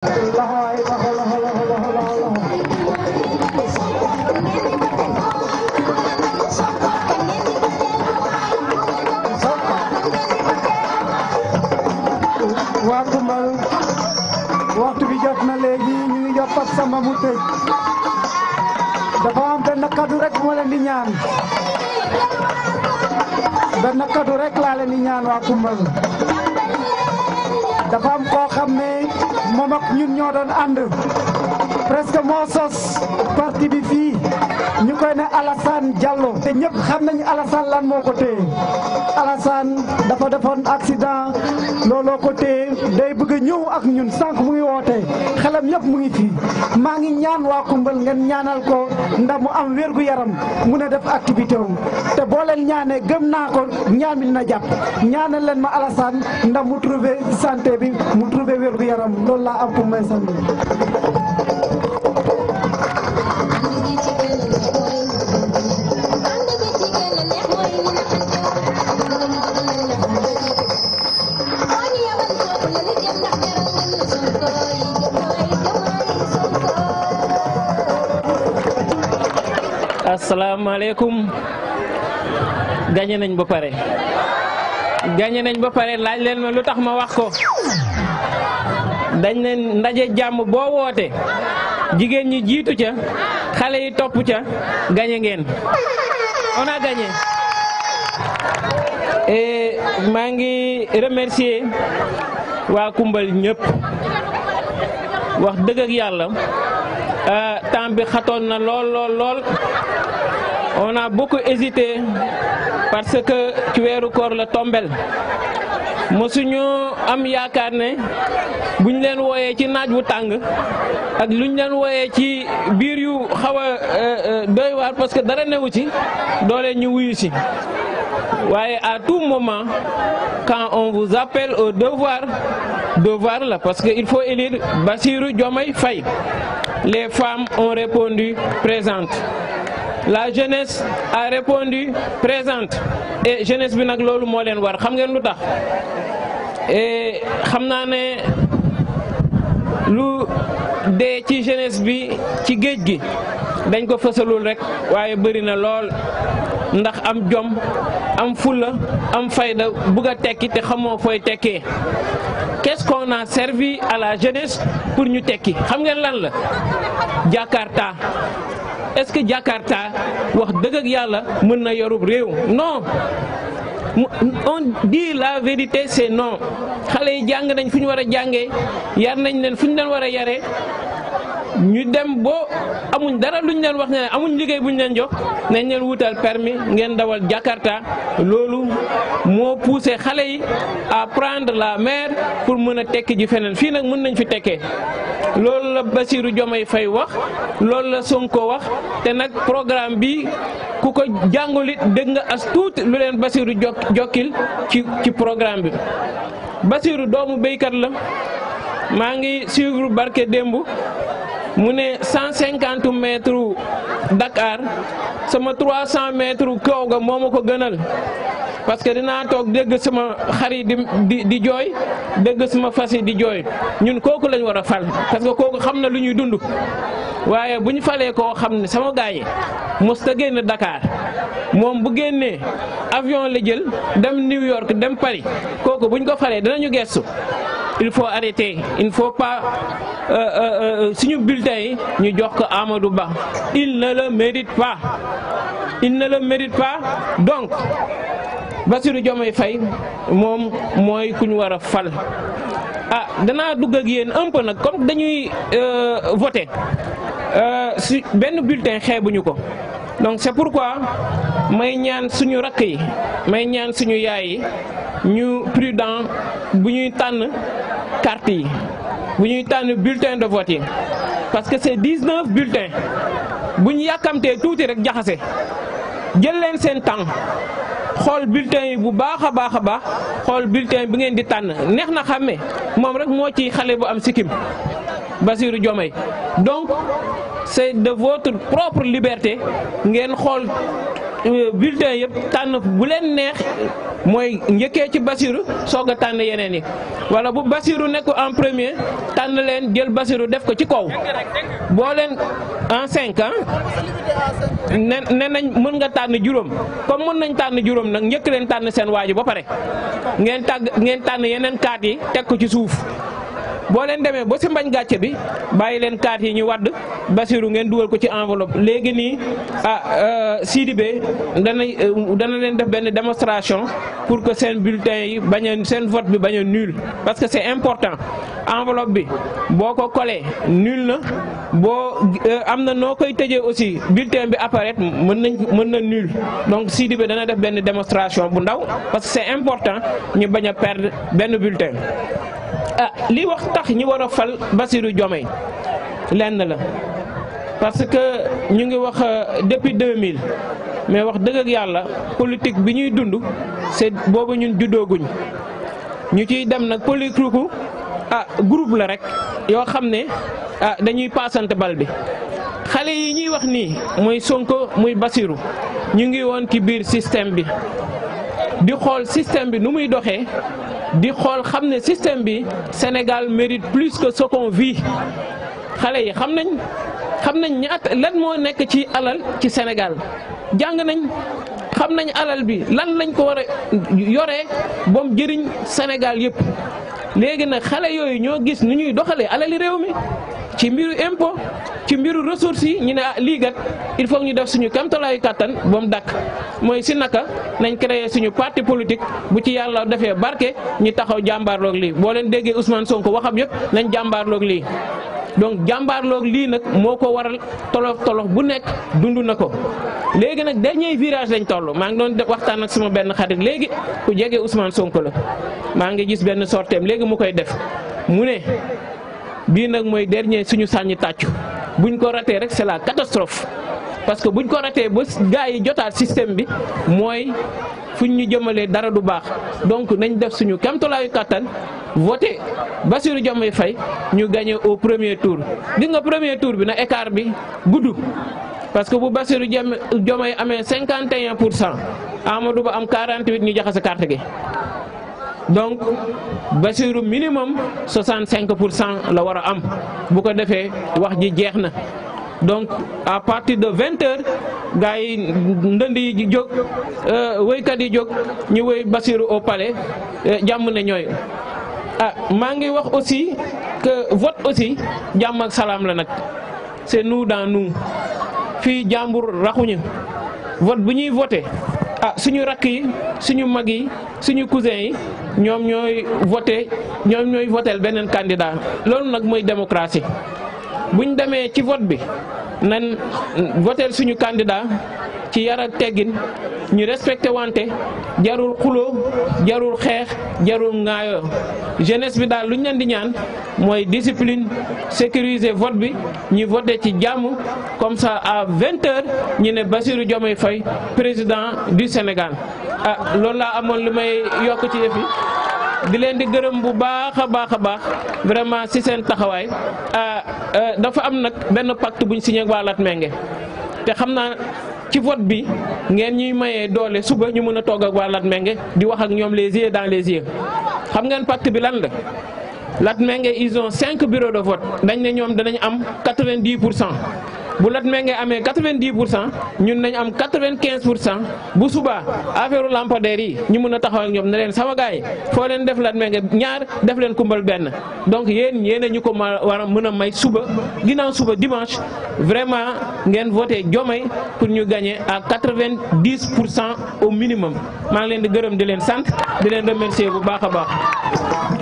Waktu Tumbal waktu bi jot na léegi sama ngi jot dan Samba mu tëj dafa am benn kaddu rek moo leen di ñaan rek laa leen di ñaan dafa am koo xam ne moom ak ñun ñoo doon ànd presque moo parti bi fii ñu koy ne Alassane Diallo te ñëpp xam nañu Alassane lan moo ko téye Alassane dafa defoon accident looloo ko téye day bëgg a ñëw ak ñun sànq mu ngi woote xelam yëpp mu ngi fii maa ngi ñaan waa Koungheul ngeen ñaanal ko ndax mu am wérgu yaram mu a def activité te boo leen ñaanee gëm naa ko ñaamil na jàpp ñaanal leen ma Alassane ndax mu trouver santé bi mu trouvé wérgu yaram loolu laa am pour may sant Assalamualaikum gagné nañ ba paré gagné nañ ba paré laaj leen lu tax ma wax ko dañ ne ndaje jamm bo woté jigéen ñi jitu ca xalé yi top ca gagné ngeen on a gagné et ma ngi remercier wa kumbal ñëpp wax deug ak euh temps bi na lol lol lol on a beaucoup hésité parce que tu es encore la tombel monsieur am yakarne buñ len woyé ci naaj wu ak luñ len woyé ci yu euh, euh, doy parce que dara newu ci dole ñu wuyu si à tout moment quand on vous appelle au devoir devoir là parce que il faut élire Bassirou Diomaye Faye les femmes ont répondu présentes la jeunesse a répondu présente et jeunesse bi nak lolou mo len war xam ngeen et xamna lu ci jeunesse bi ci dañ ko rek waye na ndax am jom am fulla am fayda te xamoo qu'est-ce qu'on a servi à la jeunesse pour ñu tekki xam ngeen lan Jakarta est-ce que Jakarta wax dëgg ak yàlla mën na yorub réew non on dit la vérité c'est non xale yi jàng nañ fu ñu war a jàngee yar nañ leen fu ñu leen war a yaree ñu dem bo amuñ dara lu ñu leen wax ne amuñ liggéey bu ñu leen jox nañ leen wutal permi ngeen dawal Jakarta loolu moo poussé xale yi a prendre la mer pour mën a tekki ji feneen fii nag mën nañ fi tekkee loolu la Bassirou Diomaye fay wax loolu la ko wax te nag programme bi ku ko jàngulit dégg nga as tuuti lu leen Bassirou jokkil ci ci programme bi Bassirou doomu béykat la maa ngi suivre barke démb mu ne 150 mètres Dakar sama 300 mètres kaw a moo ma ko gënal parce que dinaa toog dégg sama xar yi di di jooy dégg sama fas yi di jooy ñun kooku lañu war a fal parce que kooku xam na lu ñuy dund waaye bu ñu falee koo xam ne sama gars yi mos ta génn dakaar moom bu génnee avion la jël dem New York dem Paris kooku buñ ko falee danañu gestu il faut arrêter il ne faut pas euh, euh, euh, suñu bulletin yi ñu jox ko Amadou Ba il ne le mérite pas il ne le mérite pas donc Bassirou Diomaye Faye mom, mooy ku ñu war fal ah danaa dugg ak un peu nak, comme dañuy voter si benn bulletin xeebuñu ko donc c'est pourquoi may ñaan suñu rakk yi may ñaan suñu yaay yi ñu prudent bu ñuy carte yi bu ñuy tànn bulletin de vote parce que c'est 19 bulletins bu ñu yàkkamtee tuuti rek jaxase jël leen seen temps xool bulletin yi bu baax a baax a baax xool bulletin bi ngeen di tànn neex na xàmme moom rek moo ci xale bu am sikkim Bassirou Diomaye donc c'est de votre propre liberté ngeen xool Euh, bulletin yëpp tànn bu leen neex mooy njëkkee ci Basiru soog a tànn yeneen yi wala bu Basiru nekk en premier tànn leen jël Basiru def ko ci kaw boo leen en cinq ans ah, ne ne nañ mën nga tànn juróom comme mën nañ tànn juróom nag njëkk leen tànn seen waaju ba pare ngeen tàgg ngeen tànn yeneen kaat yi teg ko ci suuf boo leen demee ba si gatché bi bayi len carte yi ñu wad Basiru ngeen duwel ko ci enveloppe légui ni ah euh, Sidibé dana euh, dana leen def ben démonstration pour que seen bulletin yi bañ a seen vote bi bañ nul parce que c'est important enveloppe bi boko collé nul na bo euh, amna nokoy noo aussi bulletin bi apparaît mën nañ mën na nul donc Sidibé dana def ben démonstration bu ndaw parce que c'est important ñu baña perdre ben bulletin Euh, li wax tax ñi war a fal Bassirou Diomaye lenn la parce que ñu ngi wax euh, depuis 2000 mais wax dëgg yàlla politique bi ñuy dund sedd boobu ñun juddooguñ ñu ciy dem nag politique ku ah groupe la rek yoo xam ne ah dañuy paasante bal bi xale yi ñuy wax nii mooy Sonko muy Bassirou ñu ngi woon ci biir système bi di xool système bi nu muy doxee di xool xam ne système bi Sénégal mérite plus que ce vie xale yi xam nañ xam nañ ñaata lan moo nekk ci alal ci Sénégal jàng nañ xam nañ alal bi lan lañ ko war a yoree ba jëriñ Sénégal yëpp léegi nag xale yooyu ñoo gis nu ñuy doxalee alali réew mi. ci mbiru impo ci mbiru ressources yi ñu ne ah lii il faut ñu def suñu kamtalaayu kàttan boom mu dàkk mooy si naka nañ créer suñu parti politique bu ci yàlla defee barke ñu taxaw jàmbaarloog lii boo leen déggee Ousmane Sonko waxam yëpp nañ jàmbaarloog lii. donc jàmbaarloog lii nag moo ko waral tolof tolof bu nekk dund na ko léegi nag dernier virage lañ toll maa ngi doon waxtaan ak suma benn xarit léegi ku jege Ousmane Sonko la maa ngi gis benn sorteem léegi mu koy def bii nag mooy dernier suñu sànni tàccu buñ ko ratee rek c'est la catastrophe parce que buñ ko ratee ba gars yi jotaat système bi mooy fuñ ñu jëmalee dara du baax donc nañ def suñu kamtolaayu kàttan voté Bassirou Diomaye fay ñu gagné au premier tour gis nga premier tour bi na écart bi gudd parce que bu Bassirou Diomaye amee 51 pour cent du Ba am 48 ñu jaxase carte gi. donc Bassirou minimum 65 pour cent la war a am bu ko defee wax ji jeex na donc à partir de vingt heures gars yi ndënd yi jóg euh, wéykat yi jóg ñu wéy Bassirou au palais euh, jàmm ne ñooy ah maa ngi wax aussi que vote aussi jàmm ak salaam la nag c'est nous dans nu fii jàmbur raxuñu vote bu ñuy voté ah suñu rakk yi suñu mag yi suñu cousin yi ñoom ñooy voté ñoom ñooy votel beneen candidat loolu nag mooy démocratie buñ demee ci vote bi nan voter suñu candidat ci yar ak teggin ñu respecté wante jarul xuloo jarul xeex jarul ŋaayoo jeunesse bi daal luñ leen di ñaan mooy discipline sécuriser vote bi ñi vote ci jàmm comme ça à vingt heures ñu ne Bassirou Diomaye fay président du Sénégal ah loolu laa amoon lu may yokk ci yëf di leen di gërëm bu baax a baax a baax vraiment si seen taxawaay ah, Euh, dafa am nag benn pacte buñ signé ak waa te xam naa ci vote bi ngeen ñuy mayee doole suba ñu mën a toog ak waa Latmingué di wax ak ñoom les yeux dans les yeux xam ngeen pacte bi lan la Latmingué ils ont cinq bureaux de vote dañ ne ñoom danañ am 90 pour cent bu lat mee ngay amee quatre-vingt-dix pour cent ñun nañ am quatre-vingt-quinze pour cent bu suba affaire lampadaire yi ñu mun a taxaw ak ñoom na leen sama gaay foo leen def lat mee nga ñaar def leen kumbal benn donc yéen yéen ñu ko war a mën a may suba ginnaaw suba dimanche vraiment ngeen voté Diomaye pour ñu gagner à quatre-vingt-dix pour cent au minimum maa ngi leen di gërëm di leen sant di leen remercier bu baax a baax